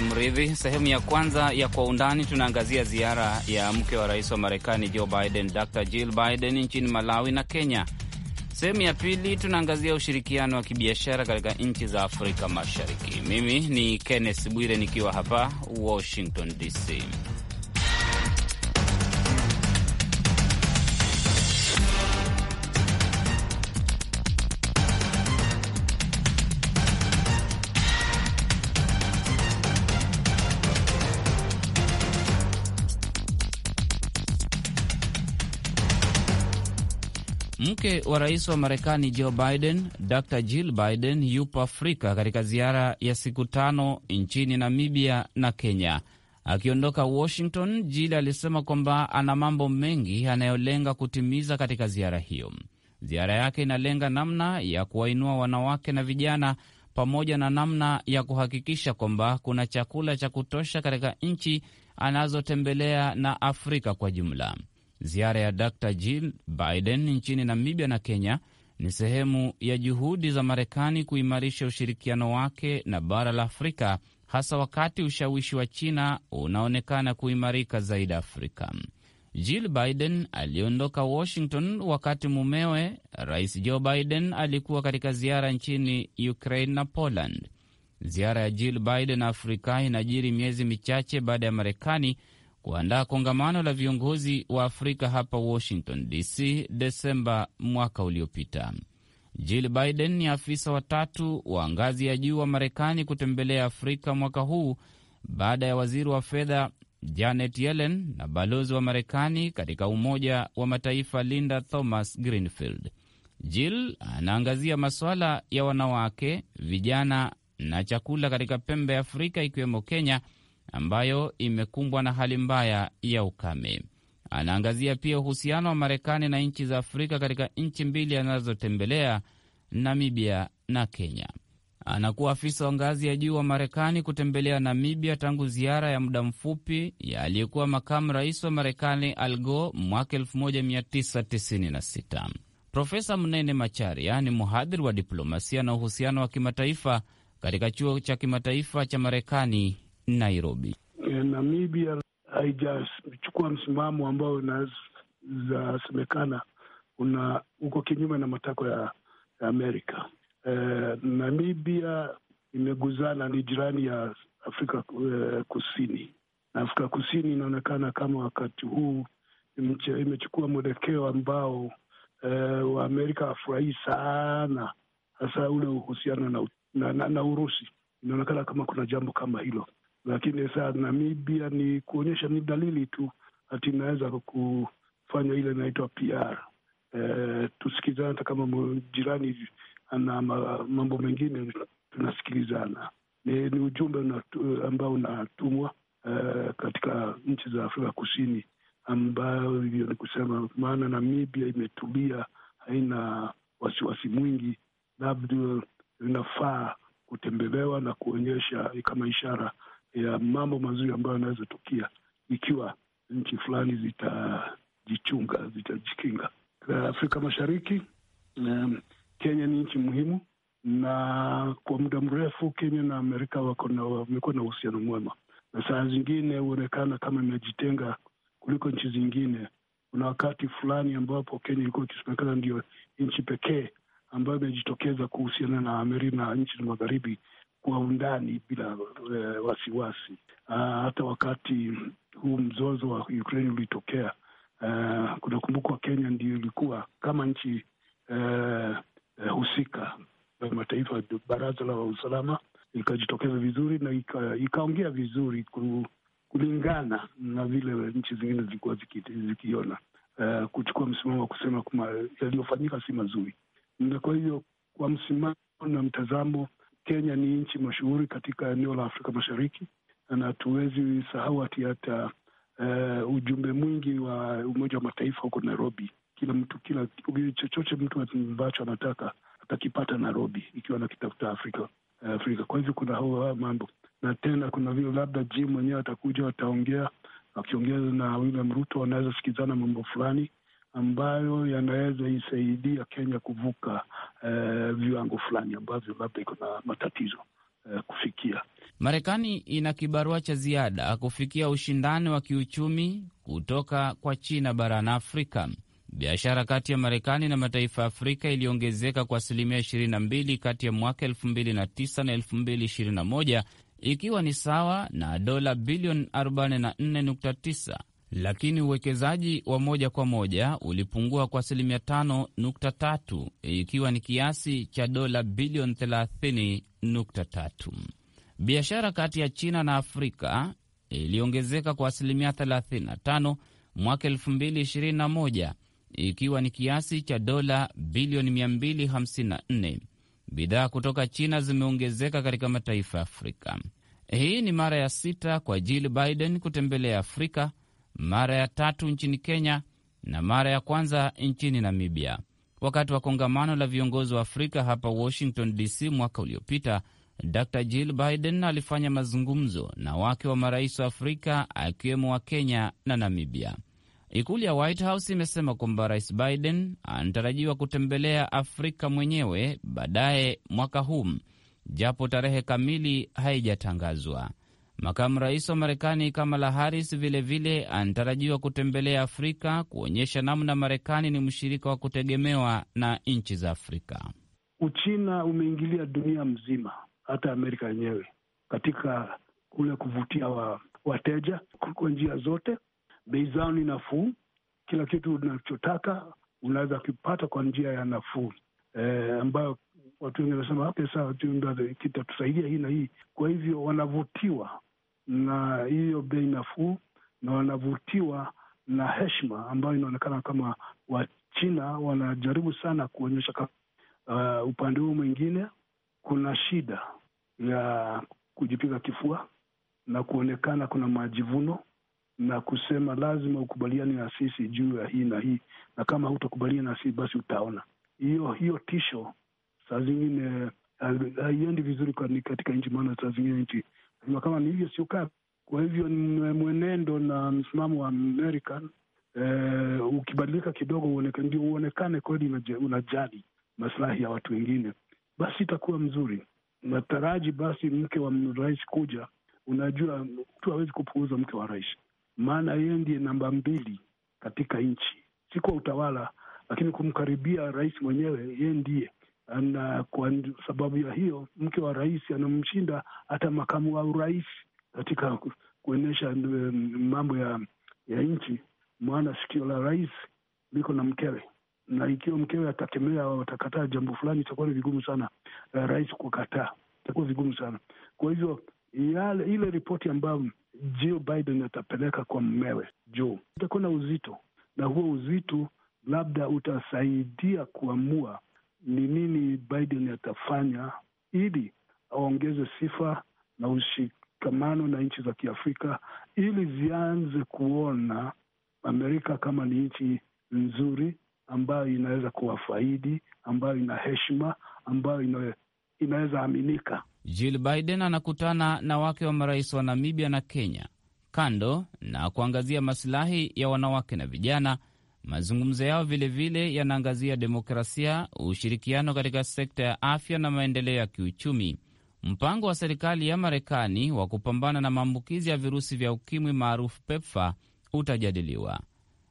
Mridhi. Sehemu ya kwanza ya Kwa Undani tunaangazia ziara ya mke wa rais wa Marekani Joe Biden, Dr Jill Biden nchini Malawi na Kenya. Sehemu ya pili tunaangazia ushirikiano wa kibiashara katika nchi za Afrika Mashariki. Mimi ni Kenneth Bwire nikiwa hapa Washington DC. wa rais wa Marekani Joe Biden, Dr Jill Biden, yupo Afrika katika ziara ya siku tano nchini Namibia na Kenya. Akiondoka Washington, Jill alisema kwamba ana mambo mengi anayolenga kutimiza katika ziara hiyo. Ziara yake inalenga namna ya kuwainua wanawake na vijana pamoja na namna ya kuhakikisha kwamba kuna chakula cha kutosha katika nchi anazotembelea na Afrika kwa jumla. Ziara ya Dr Jill Biden nchini Namibia na Kenya ni sehemu ya juhudi za Marekani kuimarisha ushirikiano wake na bara la Afrika, hasa wakati ushawishi wa China unaonekana kuimarika zaidi Afrika. Jill Biden aliondoka Washington wakati mumewe Rais Joe Biden alikuwa katika ziara nchini Ukraine na Poland. Ziara ya Jill Biden Afrika inajiri miezi michache baada ya Marekani kuandaa kongamano la viongozi wa Afrika hapa Washington DC Desemba mwaka uliopita. Jill Biden ni afisa watatu wa ngazi ya juu wa Marekani kutembelea Afrika mwaka huu baada ya waziri wa fedha Janet Yellen na balozi wa Marekani katika Umoja wa Mataifa Linda Thomas Greenfield. Jill anaangazia masuala ya wanawake, vijana na chakula katika pembe ya Afrika ikiwemo Kenya ambayo imekumbwa na hali mbaya ya ukame. Anaangazia pia uhusiano wa Marekani na nchi za Afrika katika nchi mbili anazotembelea, Namibia na Kenya. Anakuwa afisa wa ngazi ya juu wa Marekani kutembelea Namibia tangu ziara ya muda mfupi ya aliyekuwa makamu rais wa Marekani Al Gore mwaka 1996. Profesa Mnene Macharia ni mhadhiri wa diplomasia na uhusiano wa kimataifa katika chuo cha kimataifa cha Marekani Nairobi. Eh, Namibia haijachukua msimamo ambao unazasemekana una uko kinyume na matakwa ya, ya Amerika. E, Namibia imeguzana, ni jirani ya Afrika e, Kusini na Afrika Kusini inaonekana kama wakati huu imechukua mwelekeo ambao e, Waamerika hafurahii sana, hasa ule uhusiano na, na, na, na Urusi. Inaonekana kama kuna jambo kama hilo lakini saa Namibia ni kuonyesha ni dalili tu hati inaweza kufanya ile inaitwa PR. E, eh, tusikilizana hata kama jirani ana mambo mengine tunasikilizana. Ni, ni ujumbe ambao unatumwa e, katika nchi za Afrika Kusini ambayo hivyo ni kusema, maana Namibia imetulia, haina wasiwasi mwingi, labda inafaa kutembelewa na kuonyesha kama ishara ya mambo mazuri ambayo yanaweza ikiwa nchi fulani zitajichunga, zitajikinga. Eh, Afrika Mashariki, um, Kenya ni nchi muhimu, na kwa muda mrefu Kenya na Amerika wamekuwa na uhusiano mwema, na saa zingine huonekana kama imejitenga kuliko nchi zingine. Kuna wakati fulani ambapo Kenya ilikuwa ikisemekana ndio nchi pekee ambayo imejitokeza kuhusiana na Amerika na nchi za magharibi kwa undani bila e, wasiwasi. Ah, hata wakati huu mzozo wa Ukraine ulitokea, eh, kunakumbukwa Kenya ndio ilikuwa kama nchi e, e, husika mataifa, baraza la usalama ikajitokeza vizuri na ikaongea vizuri kulingana na vile nchi zingine zilikuwa zikiona uh, kuchukua msimamo wa kusema yaliyofanyika si mazuri, na kwa hiyo kwa msimamo na mtazamo Kenya ni nchi mashuhuri katika eneo la Afrika Mashariki na hatuwezi sahau hati hata uh, ujumbe mwingi wa Umoja wa Mataifa huko Nairobi. Kila mtu kila chochote mtu ambacho anataka atakipata Nairobi ikiwa anakitafuta Afrika Afrika. Kwa hivyo kuna hao mambo na tena kuna vile labda Jim mwenyewe atakuja, wataongea wakiongea na William Ruto, wanaweza sikizana mambo fulani ambayo yanaweza isaidia Kenya kuvuka eh, viwango fulani ambavyo labda iko na matatizo eh, kufikia. Marekani ina kibarua cha ziada kufikia ushindani wa kiuchumi kutoka kwa China barani Afrika. Biashara kati ya Marekani na mataifa ya Afrika iliongezeka kwa asilimia 22 kati ya mwaka 2009 na 2021 ikiwa ni sawa na dola bilioni 44.9 lakini uwekezaji wa moja kwa moja ulipungua kwa asilimia 5.3 ikiwa ni kiasi cha dola bilioni 30.3. Biashara kati ya China na Afrika iliongezeka kwa asilimia 35 mwaka 2021 ikiwa ni kiasi cha dola bilioni 254. Bidhaa kutoka China zimeongezeka katika mataifa ya Afrika. Hii ni mara ya sita kwa Jill Biden kutembelea Afrika mara ya tatu nchini Kenya na mara ya kwanza nchini Namibia. Wakati wa kongamano la viongozi wa Afrika hapa Washington DC mwaka uliopita, Dr Jill Biden alifanya mazungumzo na wake wa marais wa Afrika akiwemo wa Kenya na Namibia. Ikulu ya White House imesema kwamba Rais Biden anatarajiwa kutembelea Afrika mwenyewe baadaye mwaka huu, japo tarehe kamili haijatangazwa. Makamu rais wa Marekani Kamala Harris vilevile anatarajiwa kutembelea Afrika kuonyesha namna Marekani ni mshirika wa kutegemewa na nchi za Afrika. Uchina umeingilia dunia mzima, hata Amerika yenyewe katika kule kuvutia wa, wateja kwa njia zote. Bei zao ni nafuu, kila kitu unachotaka unaweza kupata kwa njia ya nafuu e, ambayo watu wengi wanasema pesa kitatusaidia hii na hii. Kwa hivyo wanavutiwa na hiyo bei nafuu, na wanavutiwa na heshima ambayo inaonekana kama Wachina wanajaribu sana kuonyesha kama uh, upande huu mwingine kuna shida ya kujipiga kifua na kuonekana kuna majivuno na kusema lazima ukubaliane na sisi juu ya hii na hii, na kama hutakubaliana na sisi basi utaona. Hiyo hiyo tisho saa zingine uh, haiendi vizuri katika nchi, maana saa zingine nchi kama ni hivyo kazi. Kwa hivyo mwenendo na msimamo wa Amerika eh, ukibadilika kidogo, ndio uonekane kweli unajali maslahi ya watu wengine, basi itakuwa mzuri. Nataraji basi mke wa rais kuja. Unajua, mtu hawezi kupuuza mke wa rais, maana yeye ndiye namba mbili katika nchi, si kwa utawala, lakini kumkaribia rais mwenyewe, yeye ndiye na kwa sababu ya hiyo mke wa rais anamshinda hata makamu wa urais katika kuonyesha um, mambo ya ya nchi, maana sikio la rais liko na mkewe, na ikiwa mkewe atakemea au atakataa jambo fulani, itakuwa ni vigumu sana uh, rais kukataa, itakuwa vigumu sana. Kwa hivyo yale, ile ripoti ambayo Joe Biden atapeleka kwa mmewe Joe itakuwa na uzito, na huo uzito labda utasaidia kuamua ni nini Biden atafanya ili aongeze sifa na ushikamano na nchi za Kiafrika ili zianze kuona Amerika kama ni nchi nzuri ambayo inaweza kuwafaidi, ambayo ina heshima, ambayo ina, inaweza aminika. Jill Biden anakutana na wake wa marais wa Namibia na Kenya, kando na kuangazia masilahi ya wanawake na vijana Mazungumzo yao vilevile yanaangazia demokrasia, ushirikiano katika sekta ya afya na maendeleo ya kiuchumi. Mpango wa serikali ya Marekani wa kupambana na maambukizi ya virusi vya ukimwi maarufu pepfa utajadiliwa.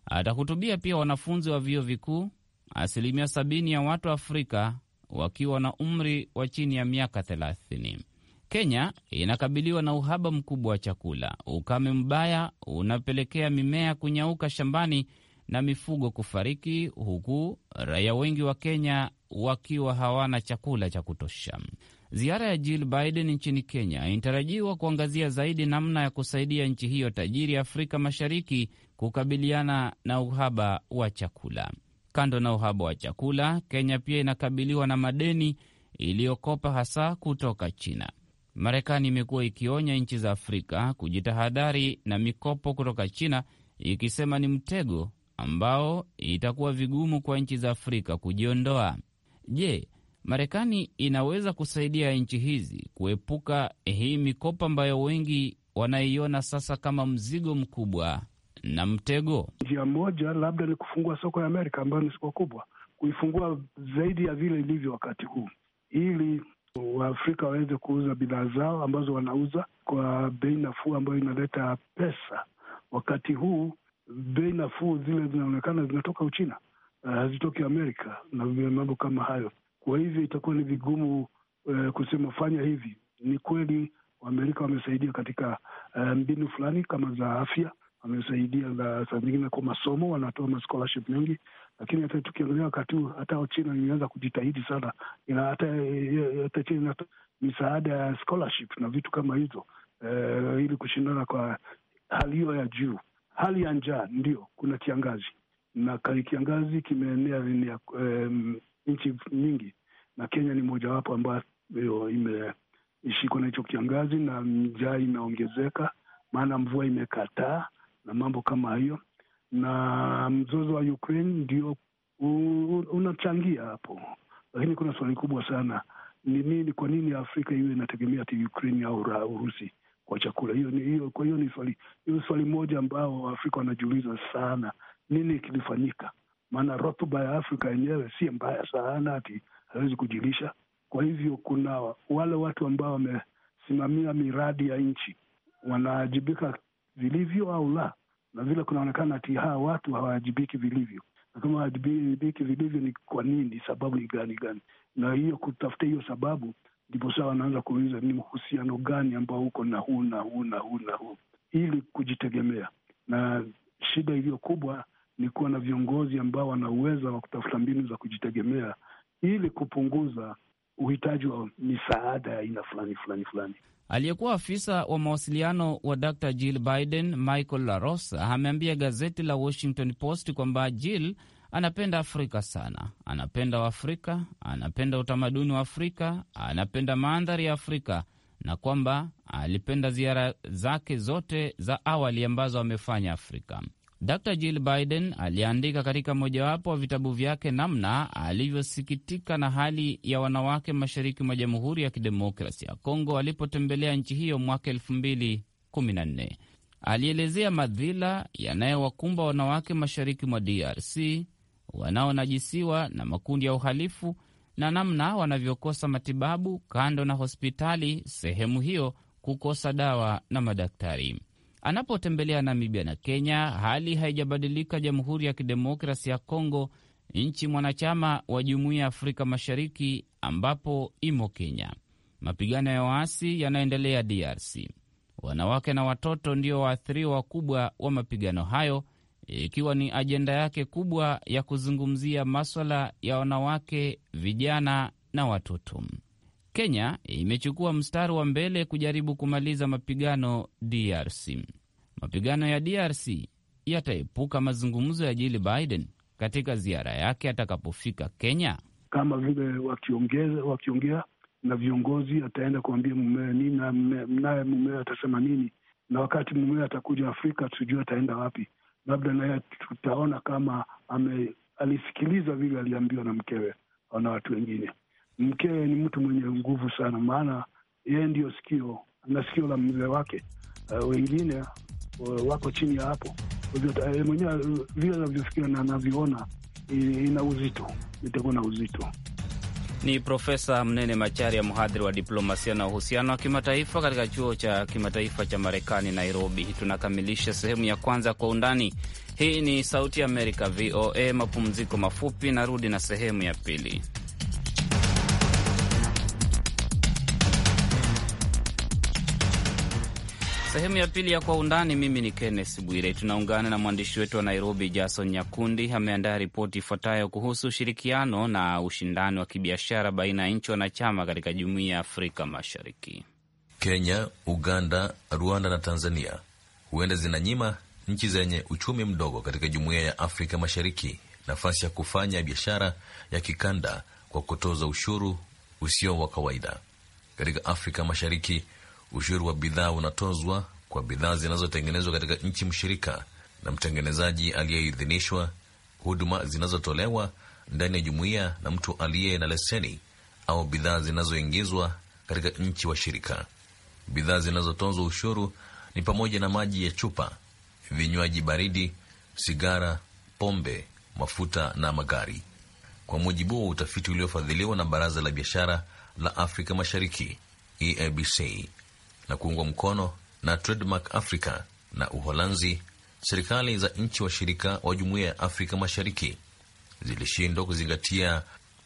Atahutubia pia wanafunzi wa vyuo vikuu, asilimia sabini ya watu Afrika wakiwa na umri wa chini ya miaka thelathini. Kenya inakabiliwa na uhaba mkubwa wa chakula. Ukame mbaya unapelekea mimea kunyauka shambani na mifugo kufariki, huku raia wengi wa Kenya wakiwa hawana chakula cha kutosha. Ziara ya Jill Biden nchini Kenya inatarajiwa kuangazia zaidi namna ya kusaidia nchi hiyo tajiri ya Afrika Mashariki kukabiliana na uhaba wa chakula. Kando na uhaba wa chakula, Kenya pia inakabiliwa na madeni iliyokopa hasa kutoka China. Marekani imekuwa ikionya nchi za Afrika kujitahadhari na mikopo kutoka China, ikisema ni mtego ambao itakuwa vigumu kwa nchi za Afrika kujiondoa. Je, Marekani inaweza kusaidia nchi hizi kuepuka hii mikopo ambayo wengi wanaiona sasa kama mzigo mkubwa na mtego? Njia moja labda ni kufungua soko ya Amerika ambayo ni soko kubwa, kuifungua zaidi ya vile ilivyo wakati huu, ili Waafrika waweze kuuza bidhaa zao ambazo wanauza kwa bei nafuu ambayo inaleta pesa. Wakati huu bei nafuu zile zinaonekana zinatoka Uchina, eh, hazitoki uh, Amerika na mambo kama hayo. Kwa hivyo itakuwa ni vigumu uh, kusema fanya hivi. Ni kweli Waamerika wamesaidia katika uh, mbinu fulani kama za afya, wamesaidia saa zingine kwa masomo, wanatoa mascholarship mengi, lakini hata tukiangalia wakati huu hata china imeanza kujitahidi sana, ina hata hata China misaada ya scholarship na vitu kama hizo uh, ili kushindana kwa hali hiyo ya juu hali ya njaa. Ndio kuna kiangazi na kiangazi kimeenea um, nchi nyingi, na Kenya ni mojawapo ambayo imeishikwa na hicho kiangazi na njaa imeongezeka, maana mvua imekataa na mambo kama hiyo, na mzozo wa Ukraine ndio unachangia hapo, lakini kuna swali kubwa sana ni nini, kwa nini Afrika hiyo inategemea ati Ukraine au Urusi? kwa chakula. Hiyo ni hiyo, kwa hiyo ni swali, hiyo swali moja ambao Waafrika wanajiuliza sana, nini kilifanyika? Maana rutuba ya Afrika yenyewe si mbaya sana ati hawezi kujilisha. Kwa hivyo kuna wale watu ambao wamesimamia miradi ya nchi wanaajibika vilivyo au la, na vile kunaonekana ati hawa watu hawaajibiki vilivyo kama hawajibiki vilivyo, ni kwa nini? Sababu ni gani gani? Na hiyo kutafuta hiyo sababu ndipo sasa wanaanza kuuliza ni uhusiano gani ambao uko na huu na huu na huu na huu, ili kujitegemea. Na shida iliyo kubwa ni kuwa na viongozi ambao wana uwezo wa kutafuta mbinu za kujitegemea ili kupunguza uhitaji wa misaada ya aina fulani fulani fulani. Aliyekuwa afisa wa mawasiliano wa Dr Jill Biden, Michael LaRosa, ameambia gazeti la Washington Post kwamba Jill Anapenda Afrika sana, anapenda Waafrika, anapenda utamaduni wa Afrika, anapenda mandhari ya Afrika, na kwamba alipenda ziara zake zote za awali ambazo amefanya Afrika. Dr Jill Biden aliandika katika mojawapo wa vitabu vyake namna alivyosikitika na hali ya wanawake mashariki mwa Jamhuri ya kidemokrasi ya Kongo alipotembelea nchi hiyo mwaka 2014. Alielezea madhila yanayowakumba wanawake mashariki mwa DRC wanaonajisiwa na makundi ya uhalifu na namna wanavyokosa matibabu kando na hospitali, sehemu hiyo kukosa dawa na madaktari. Anapotembelea Namibia na Kenya, hali haijabadilika. Jamhuri ya Kidemokrasi ya Kongo, nchi mwanachama wa Jumuiya ya Afrika Mashariki ambapo imo Kenya, mapigano ya waasi yanaendelea DRC. Wanawake na watoto ndio waathiriwa wakubwa wa mapigano hayo ikiwa ni ajenda yake kubwa ya kuzungumzia maswala ya wanawake, vijana na watoto. Kenya imechukua mstari wa mbele kujaribu kumaliza mapigano DRC. Mapigano ya DRC yataepuka mazungumzo ya jili Biden katika ziara yake atakapofika Kenya. Kama vile wakiongea wakiongea na viongozi, ataenda kuambia mumewe nini, naye mumewe atasema nini, na wakati mumewe atakuja Afrika, tujue ataenda wapi labda naye tutaona kama ame, alisikiliza vile aliambiwa na mkewe na watu wengine. Mkewe ni mtu mwenye nguvu sana, maana yeye ndiyo sikio na sikio la mzee wake. Uh, wengine uh, wako chini ya hapo. Eh, mwenyewe vile anavyofikira na anavyoona ina uzito, itakuwa na uzito. Ni Profesa Mnene Macharia, mhadhiri wa diplomasia na uhusiano wa kimataifa katika chuo cha kimataifa cha Marekani, Nairobi. Tunakamilisha sehemu ya kwanza kwa undani. Hii ni Sauti ya Amerika, VOA. Mapumziko mafupi, narudi na sehemu ya pili. Sehemu ya pili ya Kwa Undani. Mimi ni Kenneth Bwire. Tunaungana na mwandishi wetu wa Nairobi, Jason Nyakundi. Ameandaa ripoti ifuatayo kuhusu ushirikiano na ushindani wa kibiashara baina ya nchi wanachama katika Jumuiya ya Afrika Mashariki. Kenya, Uganda, Rwanda na Tanzania huenda zinanyima nchi zenye uchumi mdogo katika Jumuiya ya Afrika Mashariki nafasi ya kufanya biashara ya kikanda kwa kutoza ushuru usio wa kawaida. Katika Afrika Mashariki, Ushuru wa bidhaa unatozwa kwa bidhaa zinazotengenezwa katika nchi mshirika na mtengenezaji aliyeidhinishwa, huduma zinazotolewa ndani ya jumuiya na mtu aliye na leseni, au bidhaa zinazoingizwa katika nchi washirika. Bidhaa zinazotozwa ushuru ni pamoja na maji ya chupa, vinywaji baridi, sigara, pombe, mafuta na magari. Kwa mujibu wa utafiti uliofadhiliwa na Baraza la Biashara la Afrika Mashariki EABC, na kuungwa mkono na Trademark Africa na Uholanzi, serikali za nchi washirika wa jumuiya ya Afrika Mashariki zilishindwa kuzingatia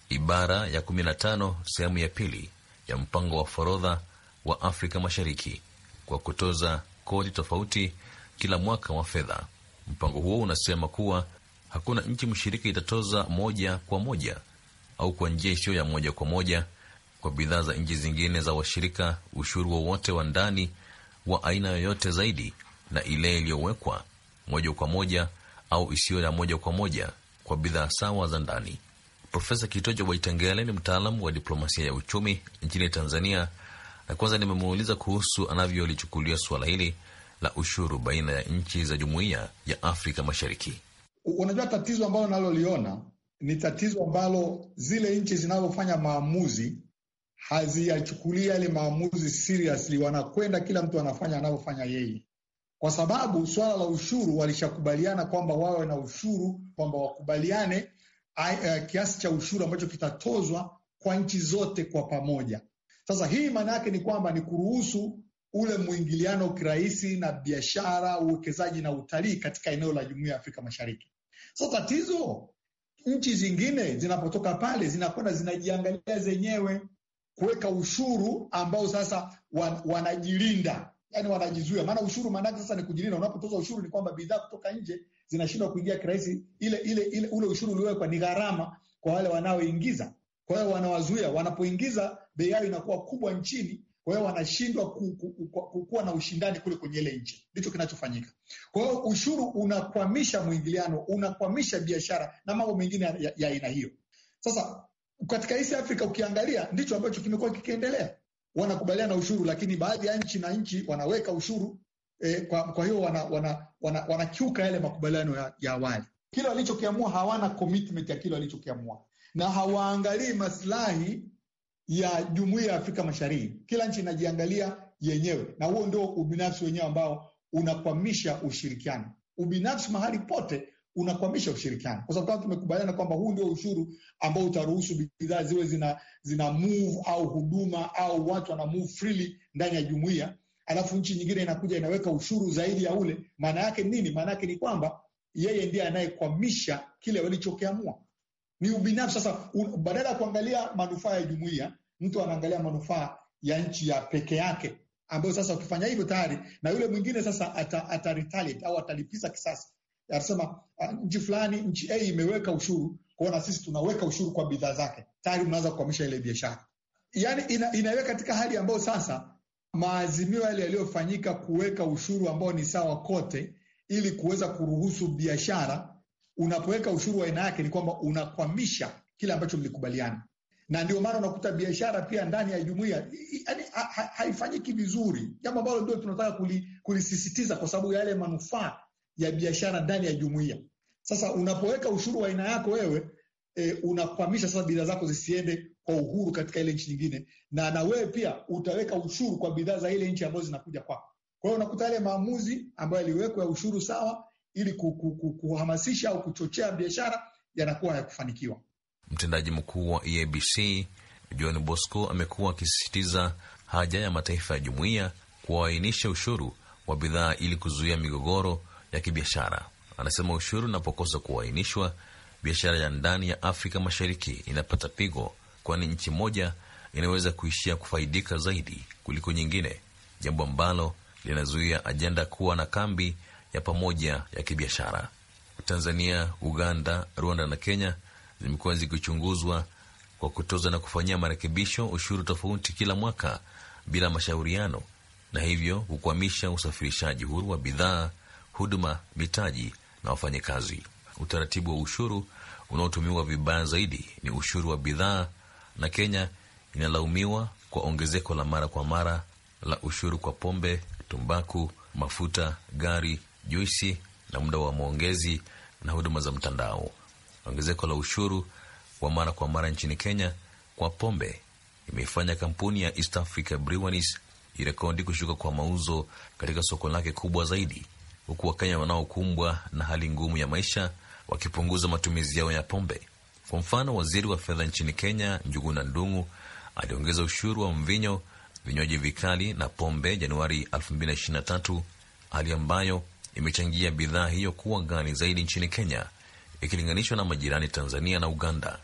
ibara ya 15 sehemu ya pili ya mpango wa forodha wa Afrika Mashariki kwa kutoza kodi tofauti kila mwaka wa fedha. Mpango huo unasema kuwa hakuna nchi mshirika itatoza moja kwa moja au kwa njia isiyo ya moja kwa moja kwa bidhaa za nchi zingine za washirika ushuru wowote wa, wa ndani wa aina yoyote zaidi na ile iliyowekwa moja kwa moja au isiyo ya moja kwa moja kwa bidhaa sawa za ndani. Profesa Kitojo Waitengele ni mtaalamu wa diplomasia ya uchumi nchini Tanzania, na kwanza nimemuuliza kuhusu anavyolichukulia suala hili la ushuru baina ya nchi za jumuiya ya Afrika Mashariki. Unajua, tatizo ambalo naloliona ni tatizo ambalo zile nchi zinazofanya maamuzi haziyachukulia yale maamuzi seriously, wanakwenda kila mtu anafanya anavyofanya yeye, kwa sababu swala la ushuru walishakubaliana kwamba wawe na ushuru, kwamba wakubaliane uh, kiasi cha ushuru ambacho kitatozwa kwa nchi zote kwa pamoja. Sasa hii maana yake ni kwamba ni kuruhusu ule mwingiliano kirahisi na biashara, uwekezaji na utalii katika eneo la Jumuiya ya Afrika Mashariki. Sasa tatizo nchi zingine zinapotoka pale zinakwenda zinajiangalia zenyewe kuweka ushuru ambao sasa wan, wanajilinda yani wanajizuia. Maana ushuru maanake sasa ni kujilinda. Unapotoza ushuru ni kwamba bidhaa kutoka nje zinashindwa kuingia kirahisi. Ile, ile, ile, ule ushuru uliowekwa ni gharama kwa wale wanaoingiza, kwa hiyo wanawazuia. Wanapoingiza bei yao inakuwa kubwa nchini, kwa hiyo wanashindwa ku, ku, ku, kuwa na ushindani kule kwenye ile nchi. Ndicho kinachofanyika. Kwa hiyo ushuru unakwamisha mwingiliano, unakwamisha biashara na mambo mengine ya aina hiyo. Sasa katika East Africa ukiangalia ndicho ambacho kimekuwa kikiendelea. Wanakubaliana ushuru, lakini baadhi ya nchi na nchi wanaweka ushuru eh, kwa, kwa hiyo wanakiuka wana, wana, wana yale makubaliano ya, ya awali. Kile walichokiamua hawana commitment ya kile walichokiamua na hawaangalii maslahi ya jumuiya ya Afrika Mashariki. Kila nchi inajiangalia yenyewe, na huo ndio ubinafsi wenyewe ambao unakwamisha ushirikiano. Ubinafsi mahali pote unakwamisha ushirikiano, kwa sababu kama tumekubaliana kwamba huu ndio ushuru ambao utaruhusu bidhaa ziwe zina, zina move au huduma au watu wana move freely ndani ya jumuiya, alafu nchi nyingine inakuja inaweka ushuru zaidi ya ule, maana yake nini? Maana yake ni kwamba yeye ndiye anayekwamisha kile walichokiamua. Ni ubinafsi sasa. Badala ya kuangalia manufaa ya jumuiya, mtu anaangalia manufaa ya nchi ya peke yake, ambayo sasa ukifanya hivyo tayari na yule mwingine sasa ata, ata retaliate au atalipiza kisasi anasema ah, nchi fulani, nchi A imeweka ushuru kwao na sisi tunaweka ushuru kwa bidhaa zake, tayari mnaanza kukwamisha ile biashara. Yani ina, inaweka katika hali ambayo sasa maazimio yale yaliyofanyika kuweka ushuru ambao ni sawa kote ili kuweza kuruhusu biashara, unapoweka ushuru wa aina yake ni kwamba unakwamisha kile ambacho mlikubaliana, na ndio maana unakuta biashara pia ndani ya jumuiya yani haifanyiki vizuri, jambo ambalo ndio tunataka kulisisitiza, kwa sababu yale manufaa ya biashara ndani ya jumuiya. Sasa unapoweka ushuru wa aina yako wewe e, unakwamisha sasa bidhaa zako zisiende kwa uhuru katika ile nchi nyingine, na na wewe pia utaweka ushuru kwa bidhaa za ile nchi ambazo zinakuja kwako. Kwa hiyo unakuta yale maamuzi ambayo yaliwekwa ya ushuru sawa ili kuhamasisha au kuchochea biashara yanakuwa hayakufanikiwa. Mtendaji mkuu wa EABC John Bosco amekuwa akisisitiza haja ya mataifa ya jumuiya kuainisha ushuru wa bidhaa ili kuzuia migogoro ya kibiashara. Anasema ushuru unapokosa kuainishwa, biashara ya ndani ya Afrika Mashariki inapata pigo, kwani nchi moja inaweza kuishia kufaidika zaidi kuliko nyingine, jambo ambalo linazuia ajenda kuwa na kambi ya pamoja ya kibiashara. Tanzania, Uganda, Rwanda na Kenya zimekuwa zikichunguzwa kwa kutoza na kufanyia marekebisho ushuru tofauti kila mwaka bila mashauriano, na hivyo kukwamisha usafirishaji huru wa bidhaa huduma, mitaji na wafanyakazi. Utaratibu wa ushuru unaotumiwa vibaya zaidi ni ushuru wa bidhaa, na Kenya inalaumiwa kwa ongezeko la mara kwa mara la ushuru kwa pombe, tumbaku, mafuta, gari, juisi na muda wa maongezi na huduma za mtandao. Ongezeko la ushuru wa mara kwa mara nchini Kenya kwa pombe imeifanya kampuni ya East Africa Breweries irekodi kushuka kwa mauzo katika soko lake kubwa zaidi huku Wakenya wanaokumbwa na hali ngumu ya maisha wakipunguza matumizi yao ya pombe. Kwa mfano, waziri wa fedha nchini Kenya Njuguna Ndung'u aliongeza ushuru wa mvinyo, vinywaji vikali na pombe Januari 2023, hali ambayo imechangia bidhaa hiyo kuwa ghali zaidi nchini Kenya ikilinganishwa na majirani Tanzania na Uganda.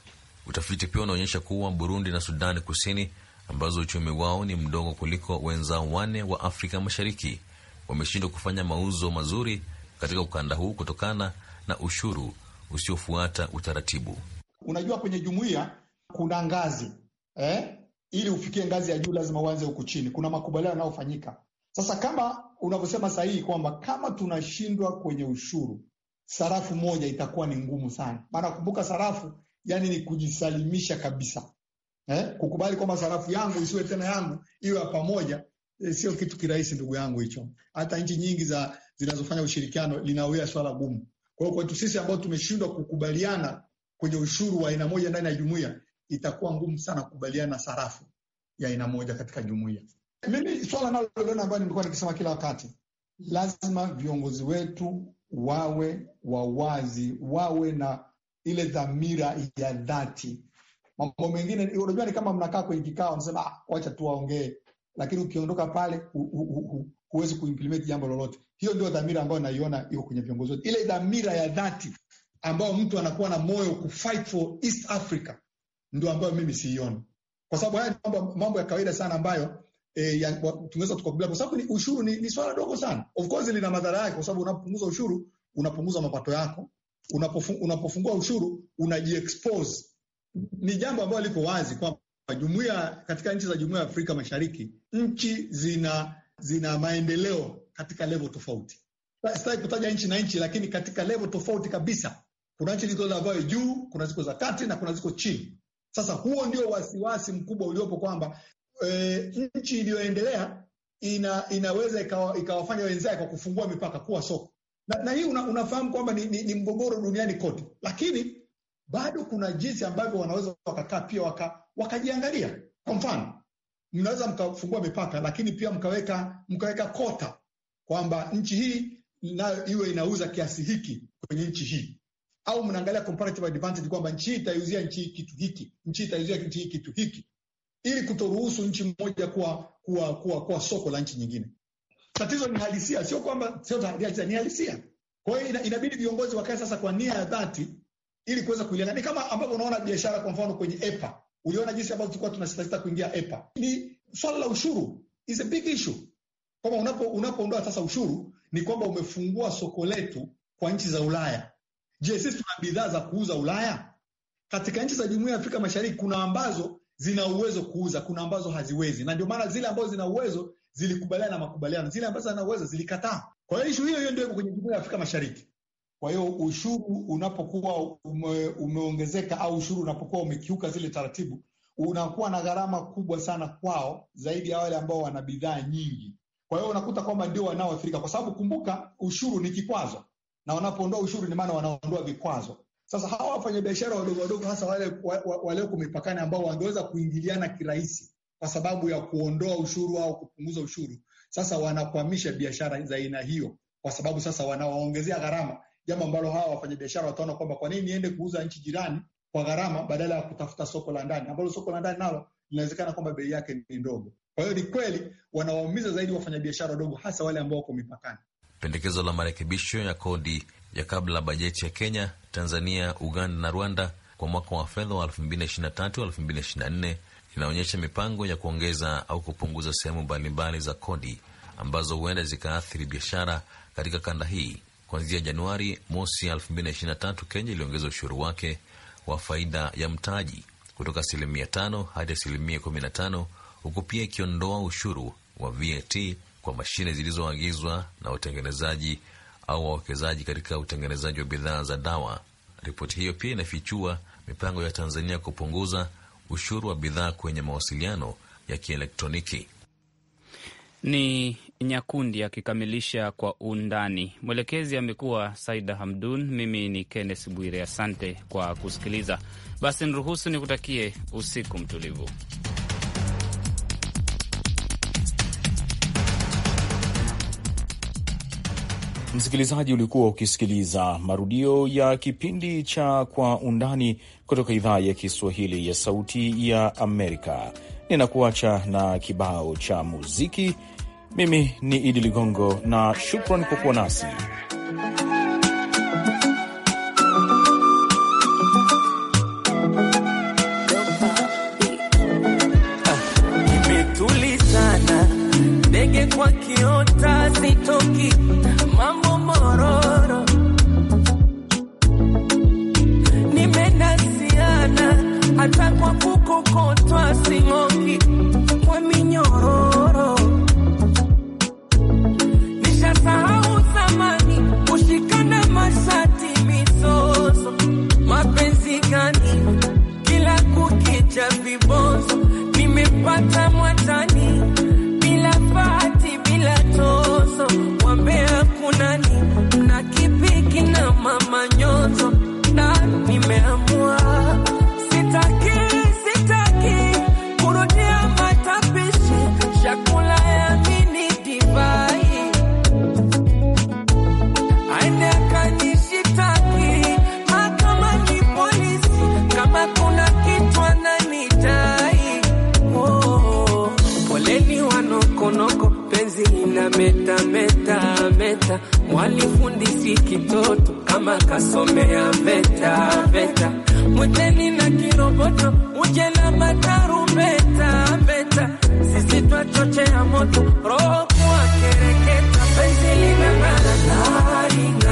Utafiti pia unaonyesha kuwa Burundi na Sudani Kusini, ambazo uchumi wao ni mdogo kuliko wenzao wane wa Afrika Mashariki, wameshindwa kufanya mauzo mazuri katika ukanda huu kutokana na ushuru usiofuata utaratibu. Unajua, kwenye jumuiya kuna ngazi eh? Ili ufikie ngazi ya juu lazima uanze huku chini. Kuna makubaliano yanayofanyika sasa, kama unavyosema sahihi kwamba kama tunashindwa kwenye ushuru, sarafu moja itakuwa ni ngumu sana, maana kumbuka sarafu yani ni kujisalimisha kabisa eh? Kukubali kwamba sarafu yangu isiwe tena yangu, iwe ya pamoja Eh, sio kitu kirahisi ndugu yangu hicho. Hata nchi nyingi za zinazofanya ushirikiano linawea swala gumu. Kwa hiyo kwetu sisi ambao tumeshindwa kukubaliana kwenye ushuru wa aina moja ndani ya jumuiya, itakuwa ngumu sana kukubaliana sarafu ya aina moja katika jumuiya. Mimi swala naloliona ambayo nimekuwa nikisema kila wakati, lazima viongozi wetu wawe wawazi, wawe na ile dhamira ya dhati. Mambo mengine unajua, ni kama mnakaa kwenye kikao, ah, wacha tuwaongee lakini ukiondoka pale huwezi kuimplement jambo lolote. Hiyo ndio dhamira ambayo naiona iko kwenye viongozi wote, ile dhamira ya dhati ambayo mtu anakuwa na moyo kufight for East Africa ndio ambayo mimi siioni, kwa sababu haya mambo, mambo ya kawaida sana ambayo e, tunaweza tukakubaliana, kwa sababu ushuru ni, ni swala dogo sana. Of course lina madhara yake, kwa sababu unapopunguza ushuru unapunguza mapato yako, unapofungua ushuru unajiexpose. Ni jambo ambalo liko wazi kwamba jumuiya katika nchi za jumuiya ya Afrika Mashariki, nchi zina zina maendeleo katika levo tofauti. Sitaki kutaja nchi na nchi, lakini katika levo tofauti kabisa, kuna nchi ziko za vawe juu, kuna ziko za kati na kuna ziko chini. Sasa huo ndio wasiwasi mkubwa uliopo kwamba e, nchi iliyoendelea ina, inaweza ikawa, ikawafanya wenzake kwa kufungua mipaka kuwa soko na, na hii una, unafahamu kwamba ni, ni, ni mgogoro duniani kote, lakini bado kuna jinsi ambavyo wanaweza wakakaa pia waka, wakajiangalia. Kwa mfano, mnaweza mkafungua mipaka, lakini pia mkaweka mkaweka kota kwamba nchi hii nayo iwe inauza kiasi hiki kwenye nchi hii, au mnaangalia comparative advantage kwamba nchi hii itaiuzia nchi hii kitu hiki, nchi hii itaiuzia nchi hii kitu hiki, ili kutoruhusu nchi moja kuwa, kuwa, kuwa, kuwa soko la nchi nyingine. Tatizo ni halisia, sio kwamba sio ni halisia. Kwa hiyo inabidi viongozi wakae sasa kwa nia ya dhati ili kuweza kuilenga. Ni kama ambavyo unaona biashara, kwa mfano kwenye EPA, uliona jinsi ambavyo tulikuwa tunasitasita kuingia EPA. Ni swala la ushuru, is a big issue, kwamba unapo unapoondoa sasa ushuru ni kwamba umefungua soko letu kwa nchi za Ulaya. Je, sisi tuna bidhaa za kuuza Ulaya? Katika nchi za Jumuiya ya Afrika Mashariki kuna ambazo zina uwezo kuuza, kuna ambazo haziwezi, na ndio maana zile ambazo zina uwezo zilikubaliana na makubaliano, zile ambazo zina uwezo zilikataa. Kwa hiyo ishu hiyo hiyo ndio iko kwenye Jumuiya ya Afrika Mashariki. Kwa hiyo ushuru unapokuwa ume, umeongezeka au ushuru unapokuwa umekiuka zile taratibu, unakuwa na gharama kubwa sana kwao zaidi ya wale ambao wana bidhaa nyingi. Kwa hiyo unakuta kwamba ndio wanaoathirika, kwa sababu kumbuka, ushuru ni kikwazo, na wanapoondoa ushuru ni maana wanaondoa vikwazo. Sasa hawa wafanyabiashara wadogo wadogo, hasa wale walioko mipakani, ambao wangeweza kuingiliana kirahisi kwa sababu ya kuondoa ushuru au kupunguza ushuru, sasa wanakwamisha biashara za aina hiyo, kwa sababu sasa wanawaongezea gharama jambo ambalo hawa wafanyabiashara wataona kwamba kwa nini niende kuuza nchi jirani kwa gharama badala ya kutafuta soko la ndani ambalo soko la ndani nalo linawezekana kwamba bei yake ni ndogo. Kwa hiyo ni kweli wanawaumiza zaidi wafanyabiashara wadogo, hasa wale ambao wako mipakani. Pendekezo la marekebisho ya kodi ya kabla bajeti ya Kenya, Tanzania, Uganda na Rwanda kwa mwaka wa fedha wa 2023/2024 linaonyesha mipango ya kuongeza au kupunguza sehemu mbalimbali za kodi ambazo huenda zikaathiri biashara katika kanda hii Kuanzia Januari mosi 2023 Kenya iliongeza ushuru wake wa faida ya mtaji kutoka asilimia 5 hadi asilimia 15 huku pia ikiondoa ushuru wa VAT kwa mashine zilizoagizwa na utengenezaji au wawekezaji katika utengenezaji wa bidhaa za dawa. Ripoti hiyo pia inafichua mipango ya Tanzania kupunguza ushuru wa bidhaa kwenye mawasiliano ya kielektroniki. Ni Nyakundi akikamilisha kwa undani. Mwelekezi amekuwa Saida Hamdun, mimi ni Kenneth Bwire. Asante kwa kusikiliza. Basi niruhusu nikutakie usiku mtulivu. Msikilizaji, ulikuwa ukisikiliza marudio ya kipindi cha Kwa Undani kutoka idhaa ya Kiswahili ya Sauti ya Amerika. Ninakuacha na kibao cha muziki mimi ni Idi Ligongo na shukran kwa kuwa nasi. mtoto kama kasomea veta veta, mwiteni na kiroboto uje na matarumbeta veta, sisi twachochea moto roho kuwakereketa, penzi linang'ara